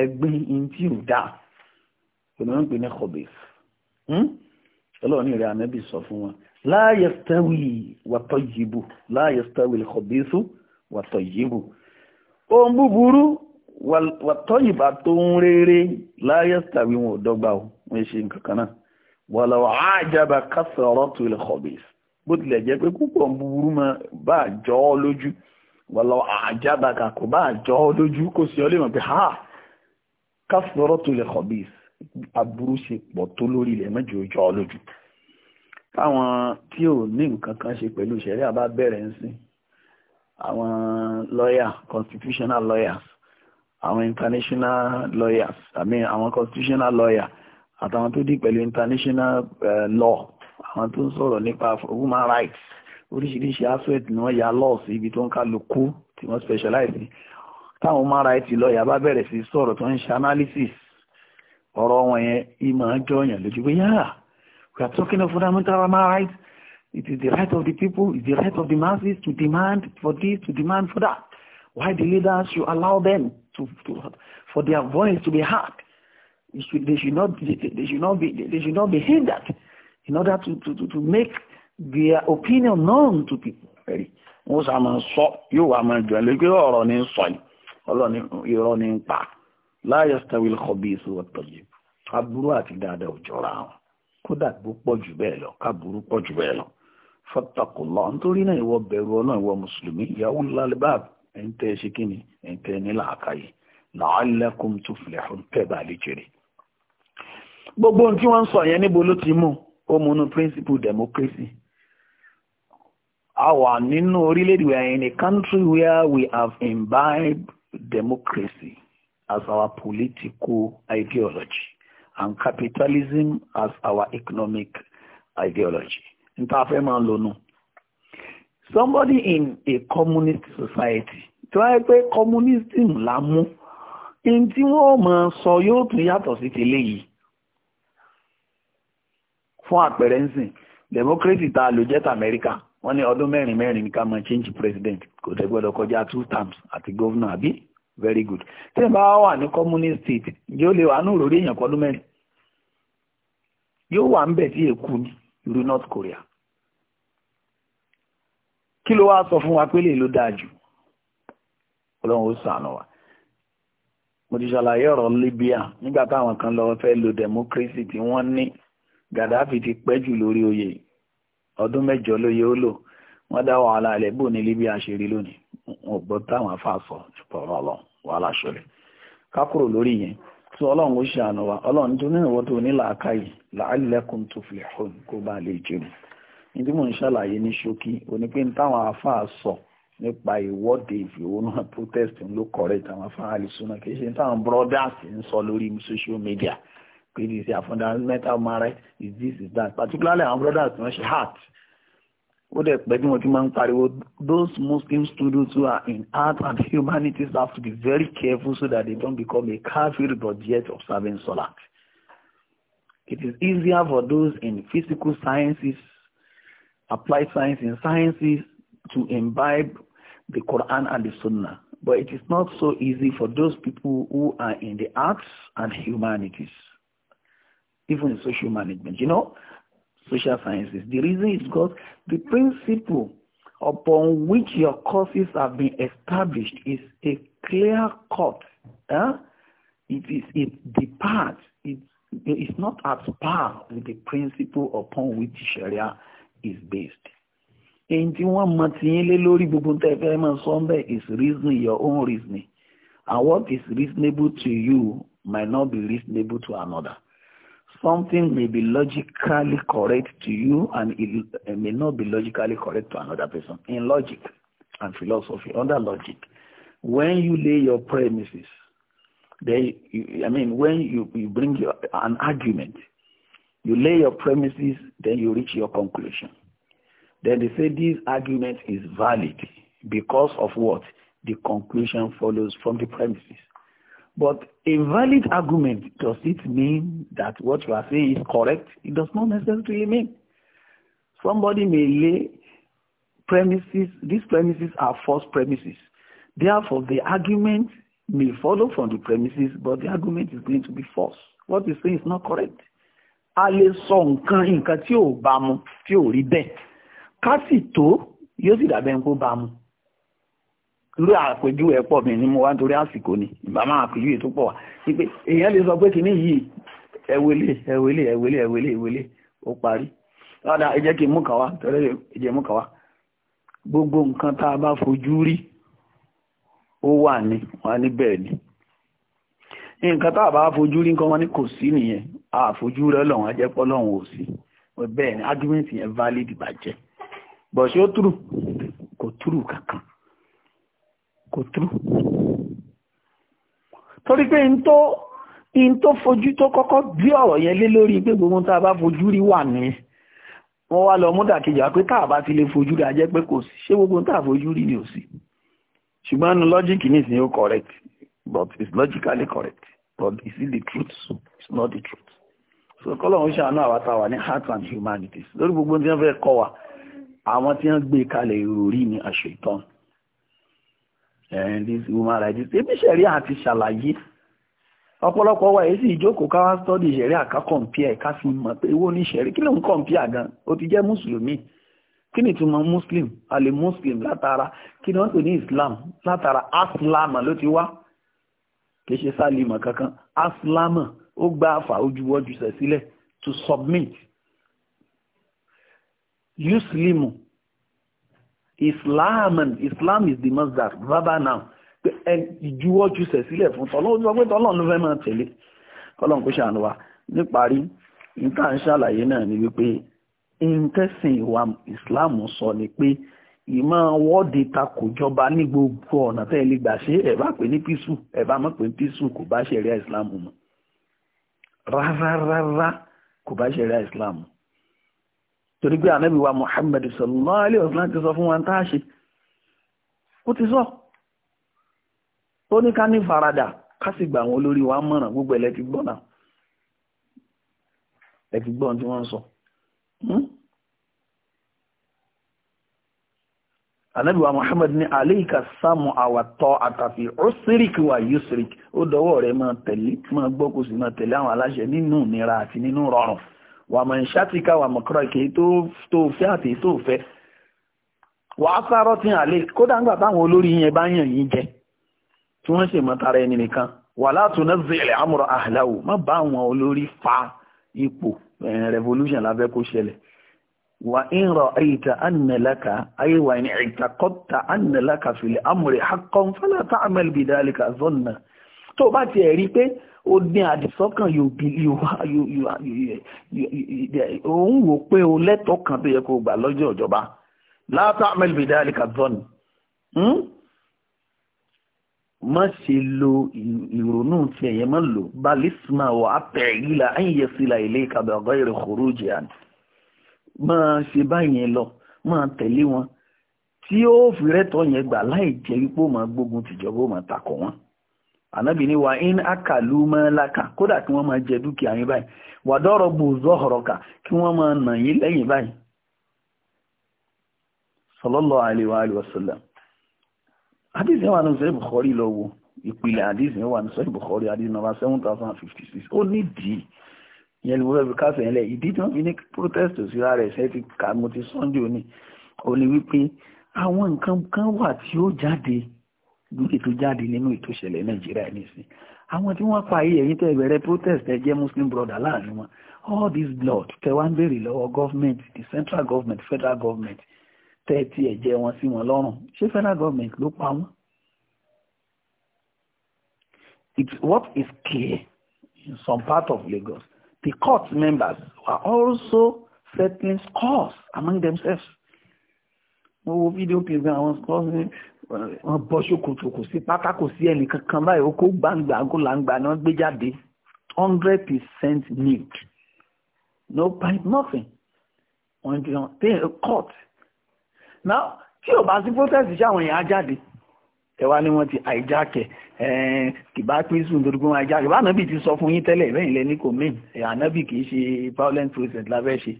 [SPEAKER 1] ẹ̀gbin ìntì ò dáa pẹ̀lú wọn ń pè ní kọ̀bíìfù hmm? ọlọ́ni ẹ̀rẹ́ ànábì sọ fún wọn láyẹ́sítẹ́wì wàtọ́yìbò láyẹ́sítẹ́wì lẹ́kọ̀bíìfù wàtọ́yìbò ohun búburú wàtọ́yìbà tó ń rere láyẹ́sítẹ́wì wọn ò dọ́gba ò wọ́n nǹkan kan náà walau ajaba kasratul khabis bó tilẹ̀ jẹ́ pé púpọ̀ búburú máa bá jọ ọ́ lójú walau ajaba kò bá jọ ọ́ lójú kò sí ọ lè mọ̀ pé ha kasratul khabis aburú ṣe pọ̀ tó lórí ilẹ̀ mẹ́jọ ìjọ lójú táwọn tí ò ní nǹkan kan ṣe pẹ̀lú ìṣẹ̀lẹ̀ àbá bẹ̀rẹ̀ ń sìn àwọn lawyer constitutional lawyers àwọn international lawyers i àwọn constitutional lawyer àtàwọn tó dì pẹ̀lú international eh, law àwọn tó ń sọ̀rọ̀ nípa human rights oríṣiríṣi aspect ni wọ́n ya law sí ibi tó ń kálukú tí wọ́n specialize táwọn human rights lọ́ọ̀yà bá bẹ̀rẹ̀ sí sọ̀rọ̀ tó ń ṣe analysis ọ̀rọ̀ wọn yẹn ìmọ̀ jọyàn lójú pé yára we are talking of fundamental human rights it is the right of the people it is the right of the masses to demand for this to demand for that why the leaders should allow them to, to for their voice to be heard should, they should not they, they should not be they should not be hindered in order to to to, to make their opinion known to people very wọ́n sá máa sọ yóò wá máa jọ lé pé ọ̀rọ̀ ní sọ ni ọ̀rọ̀ ní irọ́ ní pa la yastawil khabisu wat tayyib aburú àti dáadáa ò jọra wọn kódà bó pọ̀ jù bẹ́ẹ̀ lọ káburú pọ̀ jù bẹ́ẹ̀ lọ fattaqullah nítorí náà ìwọ bẹ̀rù Ọlọ́run ìwọ mùsùlùmí ya ulul albab ẹ̀ ń tẹ́ ẹ ṣe kí ni ẹ̀ ń tẹ́ ní làákàyè la'allakum tuflihun tẹ́ bá lè jèrè gbogbo ohun tí wọ́n ń sọ yẹn níbo ló ti mú ó principle democracy Our, wà nínú orílẹ̀-èdè we are in a country where we have imbibed democracy as our political ideology and capitalism as our economic ideology n ta fẹ́ máa lónú somebody in a communist society tí wọ́n yẹ pé communism la mú in tí wọ́n máa sọ yóò tún yàtọ̀ sí tẹ́lẹ̀ yìí fún àpẹẹrẹ nsìn democracy taa a lò wọn wọ́n ní ọdún mẹ́rin mẹ́rin ní ká change president kò tẹ́ kọjá two terms àti governor àbí very good tí ẹ wà ní communist state yóò lè wà ní òròrí èèyàn kọdún mẹ́rin yóò wà ń bẹ̀ sí èkú ní ìlú North Korea kí ló wá sọ fún wa pé ló dáa jù ọlọ́run ó sànù wa mo ti ṣàlàyé ọ̀rọ̀ Libya nígbà kan lo democracy gaddafi ti pẹ́ jù lórí oyè ọdún mẹ́jọ lóye ó lò wọ́n dá wàhálà ilẹ̀ bò ní libya ṣe rí lónìí wọn táwọn afáàsọ ṣùpọ̀rọ̀ ọlọ́run wàhálà ṣọlẹ̀ kákúrò lórí yẹn tí ọlọ́run ó ṣe àná wa ọlọ́run tó ní ìwọ́n tó ní làákàyè la'allakum tuflihun kó bá lè jẹun ní tí mò ń ṣàlàyé ní ṣókí táwọn nípa ìwọ́de ìfìwónú protest ló kì í ṣe táwọn brothers it is is a fundamental human right is this is that particularly our brothers tí wọ́n ṣe heart ó dẹ̀ pẹ́ tí wọ́n when she heart those muslim students who are in art and humanities have to be very careful so that they don't become a kafir but yet observing salat it is easier for those in physical sciences applied science in sciences to imbibe the Quran and the Sunnah but it is not so easy for those people who are in the arts and humanities even in social management. You know, social sciences. The reason is because the principle upon which your courses have been established is a clear cut. It is it departs. It is not at par with the principle upon which Sharia is based. And ti won lori gbogbo is reasoning your own reasoning and what is reasonable to you might not be reasonable to another something may be logically correct to you and it may not be logically correct to another person in logic and philosophy under logic when you lay your premises they, i mean when you, you bring your, an argument you lay your premises then you reach your conclusion then they say this argument is valid because of what the conclusion follows from the premises But a valid argument, does it mean that what you are saying is correct? It does not necessarily mean. Somebody may lay premises, these premises are false premises. Therefore, the argument may follow from the premises, but the argument is going to be false. What he's saying is not correct. A lè sọ nǹkan nǹkan tí ò bá mu tí ò rí bẹ́ẹ̀. Ká sì tó yóò sì dàbẹ̀ ń bá mu. irú àpèjúwe pọ̀ mi ni mo wá nítorí àsìkò ni ìbá máa tó pọ̀ wá wípé èèyàn lè sọ pé kìíní yìí ẹwẹlé ẹwẹlé ẹwẹlé ẹwẹlé ẹwẹlé ó parí ọ̀dà ẹ kí tọ́lẹ́ gbogbo nǹkan tá a bá fojú rí ó wà ní wà ní bẹ́ẹ̀ ni nǹkan tá a bá fojú rí nǹkan wọn ní kò sí nìyẹn àfojú rẹ lọ́wọ́n lọ́wọ́n ò sí bẹ́ẹ̀ ni argument yẹn valid bàjẹ́ ó túrù kò túrù kankan kò tú torí pé n tó n tó fojú tó kọ́kọ́ bí ọ̀rọ̀ yẹn lé lórí pé gbogbo tá a bá fojú rí wà ní wọ́n wá lọ múdà kejì wá pé tá a bá ti lè fojú rí ajẹ́ pé kò sí ṣé gbogbo tá a fojú rí ni ò sí ṣùgbọ́n nu logic nísìnyí ó correct but it's logically correct but is it the truth it's not the truth so kọ́lọ́hún ṣàánú àwa tá a wà ní heart and humanities lórí gbogbo tí wọ́n fẹ́ kọ́ wa àwọn tí wọ́n gbé kalẹ̀ ìròrí ni àṣetán and this human rights this ebi ṣẹ̀rí àti ṣàlàyé ọ̀pọ̀lọpọ̀ wa èsì ìjókòó káwá study ṣẹ̀rí àká compare ká sì mọ̀ pé owó ní ṣẹ̀rí kí ló ń compare gan o ti jẹ́ mùsùlùmí kí ni ìtumọ̀ muslim àlè muslim látara kí ni wọ́n pè ní islam látara aslama ló ti wá kì í ṣe sálìmọ̀ kankan aslama ó gbá àfà ojúwọ́jú sẹ̀ sílẹ̀ to submit yuslimu islam islam is the mazdar verbal now, pé ẹ ìjuwọ́ jùsẹ̀ sílẹ̀ fún tọ́lọ́ ojú ọgbẹ́ tọ́lọ́ ló fẹ́ máa tẹ̀lé kọ́lọ́n kó ṣàánú wa níparí níta ń ṣàlàyé náà ni wípé ìǹtẹ́sìn ìwà islam sọ ni pé ìmọ̀ wọ́ọ̀dì takò jọba ní gbogbo ọ̀nà tẹ́ ẹ lè gbà ṣe ẹ̀ bá pè ní písù ẹ̀ bá mọ̀ pé písù kò bá ṣẹ̀ríà islam mu rárá rárá kò bá ṣẹ̀ríà islam mu torí pé ànábì wa Muhammad sallallahu alaihi wasallam ti sọ fún wọn táà ṣe ó ti sọ ó ní ká ní faradà ká sì gbà àwọn olórí wa mọ̀ràn gbogbo ẹ̀ lẹ́ti gbọ́n náà lẹ́ti gbọ́n tí wọ́n ń sọ hmm? ànábì wa Muhammad ní alayka samu àwàtọ́ àtàfi usrik yusrik ó dọwọ́ rẹ̀ máa tẹ̀lé máa tẹ̀lé àwọn aláṣẹ nínú ìnira àti nínú rọrùn wà mọ̀ ṣáàtìkà wà mọ̀ kúrọ̀ èké tó fẹ́ àti tó fẹ́ wà á sárọ́ tí hàn lè kódà ńgbà táwọn olórí yẹn bá yàn yín jẹ tí wọ́n ṣe mọ́tara ẹni nìkan wà látúná zèlè amúrọ̀ àhìláwò má bá àwọn olórí fa ipò revolution lábẹ́ kó ṣẹlẹ̀ wà ń rọ àyíta ànàlákà ayé wà ní ìtàkọ́ta ànàlákà fìlẹ̀ amúrẹ̀ hakọ̀ fẹ́lẹ̀ tá àmẹ́lì bìdálíkà zọ́nà tó bá tiẹ̀ ó dín àdìsọ́kàn yóò bí òun wò pé o lẹ́tọ̀ọ́ kan tó yẹ kó gbà lọ́jọ́ ìjọba látà mẹ́lìbìdá àlìkàtọ́nì má ṣe lo ìrònú tí ẹ̀yẹ má lò balisma wà á tẹ̀ ìlà ẹ̀yẹ sílà ilé ìkàbàgọ́ ìrẹ̀ kòrò jìyàn máa ṣe báyẹn lọ máa tẹ̀lé wọn tí ó fi rẹ́tọ̀ yẹn gbà láì jẹ́ wípé ó máa gbógun tìjọba ó máa takò wọn ànábì ní wà in akalu mọ́ láka kódà kí wọ́n máa jẹ dúkìá yín báyìí wà dọ́rọ̀ bù zọ́họ̀rọ̀kà kí wọ́n máa nà yín lẹ́yìn báyìí sallallahu alaihi wa alihi wasallam hadith yẹn wà ní sọ́yìn bukhari lọ́wọ́ ìpìlẹ̀ hadith yẹn wà ní sọ́yìn bukhari hadith number seven thousand fifty six ó ní dì í ìyẹn ni mo fẹ́ fi kásẹ̀ yẹn lẹ̀ ìdí tí wọ́n fi ní protest síra rẹ̀ ṣe ti kà mo ti sunday òní òní wípé àwọn nǹkan kan wà tí ó jáde ètò jáde nínú ètò ìṣẹ̀lẹ̀ nàìjíríà nísìn àwọn tí wọ́n pa ẹ̀yìn tẹ́ bẹ̀rẹ̀ protest ẹ jẹ́ muslim brother láàrin wọn all this blood tẹ́ wá ń béèrè lọ́wọ́ government the central government federal government tẹ́ ti ẹ̀jẹ̀ wọn sí wọn lọ́rùn ṣé federal government ló pa wọ́n. it's what is clear in some part of Lagos the court members were also settling scores among themselves. mo wo fídíò kejì àwọn scores wọ́n bọ́ ṣòkòtò kò sí pátá kò sí ẹnì kankan báyìí ó kó gbangba gòlàǹgbà náà gbé jáde hundred percent nude no pipe nothing wọ́n ti hàn pay a court now tí ò bá sí protest ṣe àwọn èèyàn á jáde ẹ wá ní wọ́n ti àìjákẹ kìbá pín sùn torí pé wọ́n àìjákẹ bá nàbì ti sọ fún yín tẹ́lẹ̀ bẹ́ẹ̀ lẹ ní kò mí ànábì kì í ṣe violent protest lábẹ́ ṣe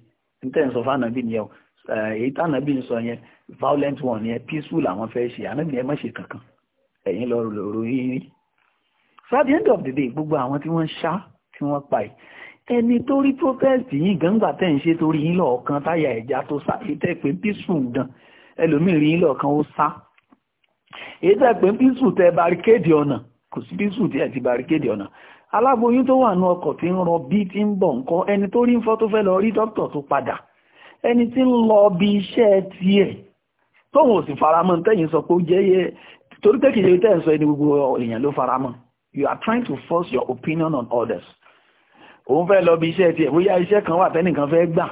[SPEAKER 1] ní tẹ̀ ń sọ fún ànábì nìyẹn o Eh, èyí tànà bí n sọ yẹn violent one yẹn peaceful àwọn fẹ́ ṣe ànábì ẹ má ṣe kankan ẹ̀yin lọ rò yín so at the end of the day gbogbo àwọn tí wọ́n ṣá tí wọ́n pa yìí ẹni tó rí protest yìí gangba tẹ̀ ń ṣe torí yín lọ́ọ̀kan táyà ẹ̀já tó sá èyí tẹ́ pé peaceful gan ẹlòmíì rí yín lọ́ọ̀kan ó sá èyí tẹ́ pé peaceful tẹ barricade ọ̀nà kò sí peaceful tí ẹ ti barricade ọ̀nà aláboyún tó wà nú ọkọ̀ tí ń rọ bí tí ń bọ̀ nǹkan ẹni tó rí ń fọ́ tó fẹ́ lọ rí dókítà tó padà ẹni tí ń lọ bí iṣẹ́ tiẹ̀ tóun ò sì faramọ́ tẹ́yìn sọ pé ó jẹ́ yẹ torí pé kìí tẹ́yìn sọ ẹni gbogbo èèyàn ló faramọ́ you are trying to force your opinion on others òun fẹ́ lọ bí iṣẹ́ tiẹ̀ bóyá iṣẹ́ kan wà tẹ́nìkan fẹ́ gbà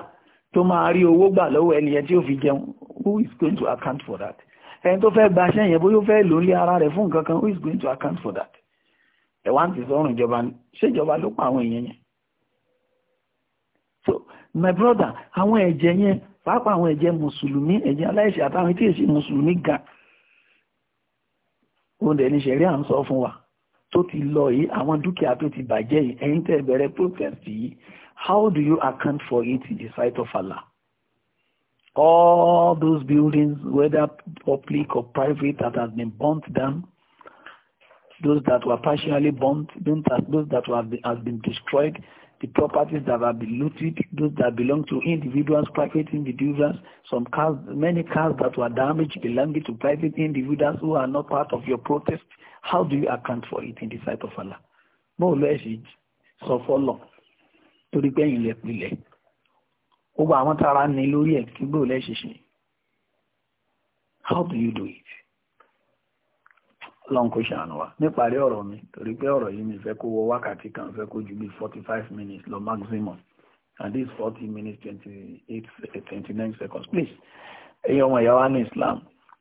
[SPEAKER 1] tó máa rí owó gbà lọ́wọ́ ẹni yẹn tí ó fi jẹun who is going to account for that ẹni tó fẹ́ gba iṣẹ́ yẹn bóyá ó fẹ́ lò ó lé ara rẹ̀ fún nǹkan kan who is going to account for that ẹ̀wá ń ti sọ́run ìjọba ṣèjọba ló pa àwọn èèyàn yẹn so my brother àwọn ẹ̀jẹ̀ yẹn pàápàá àwọn ẹ̀jẹ̀ mùsùlùmí ẹ̀jẹ̀ aláìṣẹ̀ àtàwọn tí èsì mùsùlùmí ga oúnjẹ ní ṣẹ̀rí à ń sọ fún wa tó ti lọ yìí àwọn dúkìá tó ti bàjẹ́ yìí ẹ̀yin tẹ́ bẹ̀rẹ̀ protest yìí how do you account for it in the sight of Allah all those buildings whether public or private that has been burnt down those that were partially burnt those that were has been destroyed the properties that have been looted, those that belong to individuals, private individuals, some cars, many cars that were damaged belonging to private individuals who are not part of your protest. How do you account for it in the sight of Allah? Bó lọ sọ follow to pé ìlẹ̀ pilẹ̀. Gbogbo How do you do it? ọlọ́run kò ṣàánú wa níparí ọ̀rọ̀ mi torí pé ọ̀rọ̀ yìí mi fẹ́ kó wọ wákàtí kan fẹ́ kó ju bí forty five minutes lọ maximum and this forty minutes twenty eight twenty nine seconds please ẹ̀yin ọmọ ìyá wa ní Islam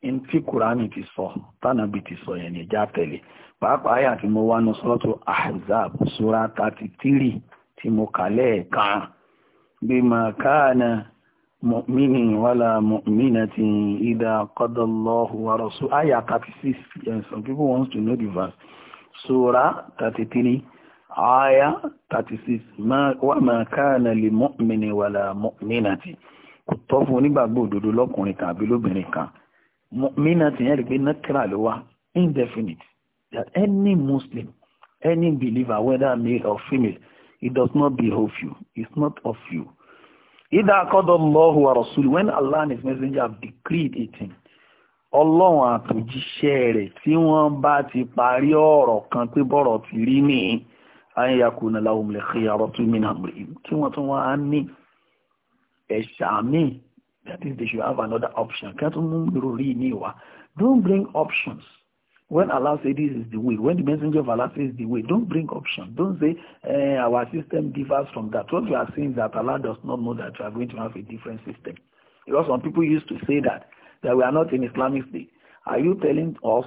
[SPEAKER 1] in tí kùránì ti sọ tánàbí ti sọ yẹn ní ìjà tẹ̀lé pàápàá àyà tí mo wá nu sọ́tò Ahzab sura thirty three tí mo kà lẹ́ẹ̀kan bí màkà náà mu'minin wala mu'minatin idha qada Allahu wa rasul ayah 36 and some people wants to know the verse surah 33 ayah 36 ma wa ma kana li mu'mini wala mu'minati kò tọ́ fún onígbàgbọ́ òdodo lọ́kùnrin kan àbí lóbìnrin kan mu'minatin yẹn rí pé nakira ló wà indefinite that any muslim any believer whether male or female it does not behove you it's not of you Ida Allah wa Rasul. when Allah and his messenger have decreed a thing. Ọlọ́run àtòjíṣẹ́ rẹ̀ tí wọ́n bá ti parí ọ̀rọ̀ kan pé bọ́rọ̀ ti rí ní ayakuna lahum lil khiyaratu min amrihim kí wọ́n tún wá ní ẹ̀ṣà míì that is they should have another option kí wọ́n tún mú don't bring options When Allah says this is the way, when the messenger of Allah says the way, don't bring option. Don't say eh, our system differs from that. What you are saying is that Allah does not know that you are going to have a different system. Because some people used to say that, that we are not in Islamic state. Are you telling us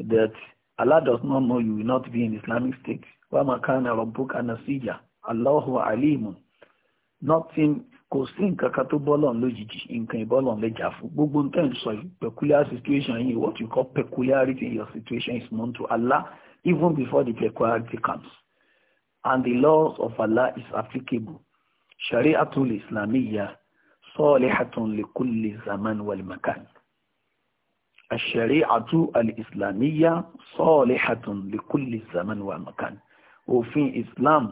[SPEAKER 1] that Allah does not know you will not be in Islamic state? Wa Allahu Nothing kò sí nǹkan kan tó bọ́lọ̀ lójijì nǹkan ìbọ́lọ̀ lẹ́jà fún gbogbo nǹkan ìsọ peculiar situation yìí what you call peculiarity in your situation is known to Allah even before the peculiarity comes and the laws of Allah is applicable shari'atul islamiyya salihatun li kulli zaman wal makan ash-shari'atu al-islamiyya salihatun li kulli zaman wal makan òfin Islam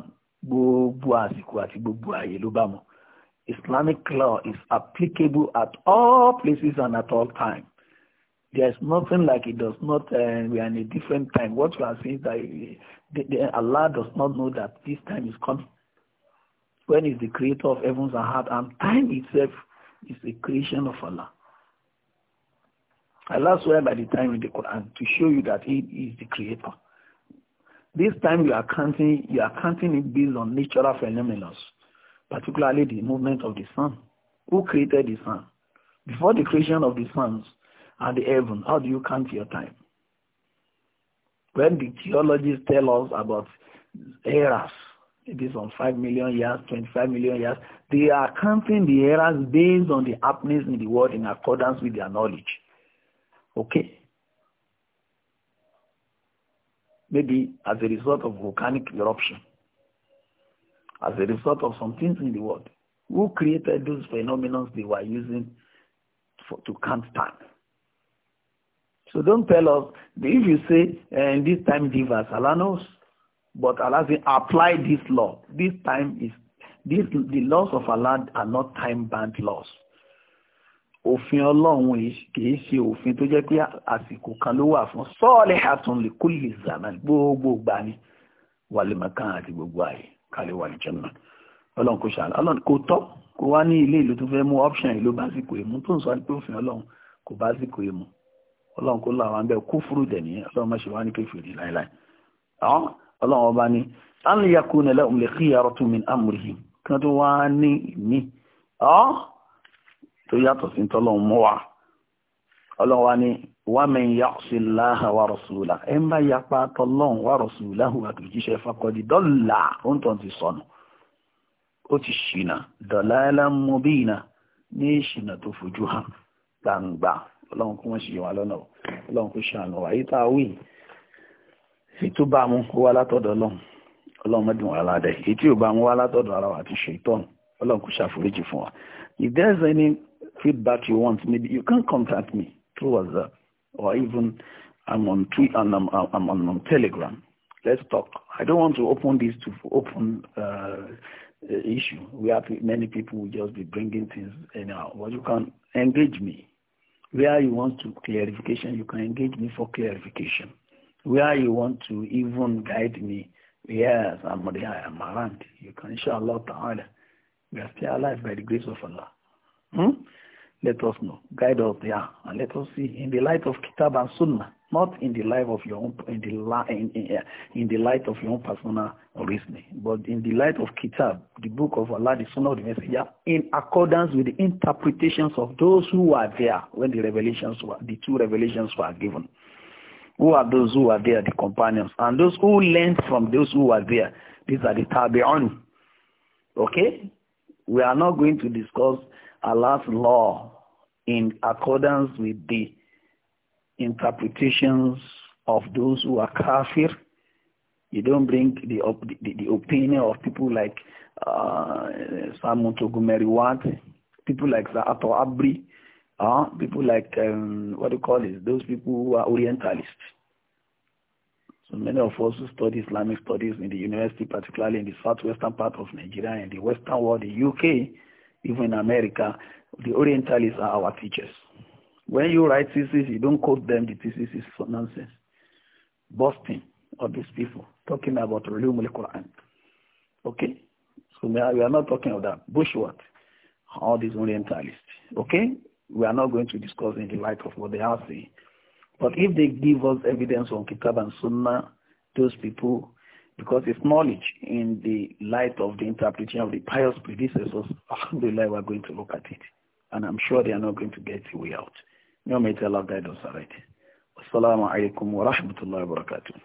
[SPEAKER 1] gbogbo àsìkò àti gbogbo àyè ló bá mu Islamic law is applicable at all places and at all times. There's nothing like it does not, uh, we are in a different time. What we are saying is that the, the, Allah does not know that this time is coming. When is the creator of heavens and earth and time itself is the creation of Allah. Allah swear by the time in the Quran to show you that he is the creator. This time you are counting, you are counting it based on natural phenomena particularly the movement of the sun. Who created the sun? Before the creation of the suns and the heaven, how do you count your time? When the theologians tell us about eras, it is on 5 million years, 25 million years, they are counting the eras based on the happenings in the world in accordance with their knowledge. Okay? Maybe as a result of volcanic eruption as a result of some things in the world. Who created those phenomena they were using for, to count time? So don't tell us, if you say, uh, this time differs, Allah knows. But Allah says, apply this law. This time is, this, the laws of Allah are not time-bound laws. òfin ọlọ́run kìí ṣe òfin tó jẹ́ pé àsìkò kan ló wà fún sọ́ọ̀lì àtúnlẹ̀kùn lè zàmà gbogbo gbani wàlẹ̀mọ̀kan àti gbogbo ààyè kálẹ̀ wà lìjẹ́ náà ọlọ́run kò ṣàlọ́ ọlọ́run kò tọ́ kò wá ní ilé ìlú tó fẹ́ mú option ìlú básìkò èmú tó ń sọ pé òfin ọlọ́run kò básìkò èmú ọlọ́run kò làwọn abẹ́ kú fúrú dẹ̀ ní ọlọ́run má ṣe wá ní kèfèrí láéláé àwọn ọlọ́run ọba ní an yakuna lahum al-khiyaratu min amrihim kan tó wá ní ìmí ọ́ tó yàtọ̀ sí tọ́lọ́run mọ́ wa ọlọ́run wa ni wàmín yàkùsí láhà wà rọ̀sùlá ẹ ń bá yapa tọlọ́run wà rọ̀sùlá hùwà tó jíṣẹ́ fakọ́dí dọ́là ó ń tàn ti sọnù ó ti ṣìnà dọ̀là ẹlẹ́mọbìnà ní ìṣìnà tó fojú hàn gbangba ọlọ́run ṣe wà lọ́nà ọlọ́run kó ṣàánú wa yìí tá a wí ètò bá mú wá látọ̀dọ̀ ọlọ́run ọlọ́run mọ́dún wà ládẹ́ if there any feedback you want maybe you can contact me through WhatsApp or even I'm on Twitter and I'm, I'm, I'm on Telegram. Let's talk. I don't want to open this to open uh, issue have many people will just be bringing things anyhow. But you can engage me. Where you want to clarification, you can engage me for clarification. Where you want to even guide me, yes, I'm there, I'm around. You can, inshallah, ta'ala. We are still alive by the grace of Allah. Hmm? Let us know. Guide us there and let us see in the light of Kitab and Sunnah, not in the light of your own in the in, in, in the light of your own personal reasoning, but in the light of Kitab, the book of Allah, the Sunnah of the Messenger, in accordance with the interpretations of those who were there when the revelations were the two revelations were given. Who are those who were there, the companions, and those who learned from those who were there. These are the tabi'un. Okay? We are not going to discuss Allah's law in accordance with the interpretations of those who are kafir. You don't bring the, the, the opinion of people like uh, Samu Wat, people like Zaato Abri, uh, people like, um, what do you call it, those people who are Orientalists. So many of us who study Islamic studies in the university, particularly in the southwestern part of Nigeria and the western world, the UK, even in America, the Orientalists are our teachers. When you write thesis, you don't quote them. The thesis is for nonsense. Boston of these people, talking about Ulumul Quran. Okay? So we are not talking of that. Bushwat, all these Orientalists. Okay? We are not going to discuss in the light of what they are saying. But if they give us evidence on Kitab and Sunnah, those people because it's knowledge in the light of the interpretation of the pious predecessors, alhamdulillah, we're going to look at it. And I'm sure they are not going to get the way out. May Allah guide us right. Wassalamu alaikum wa rahmatullahi wa barakatuh.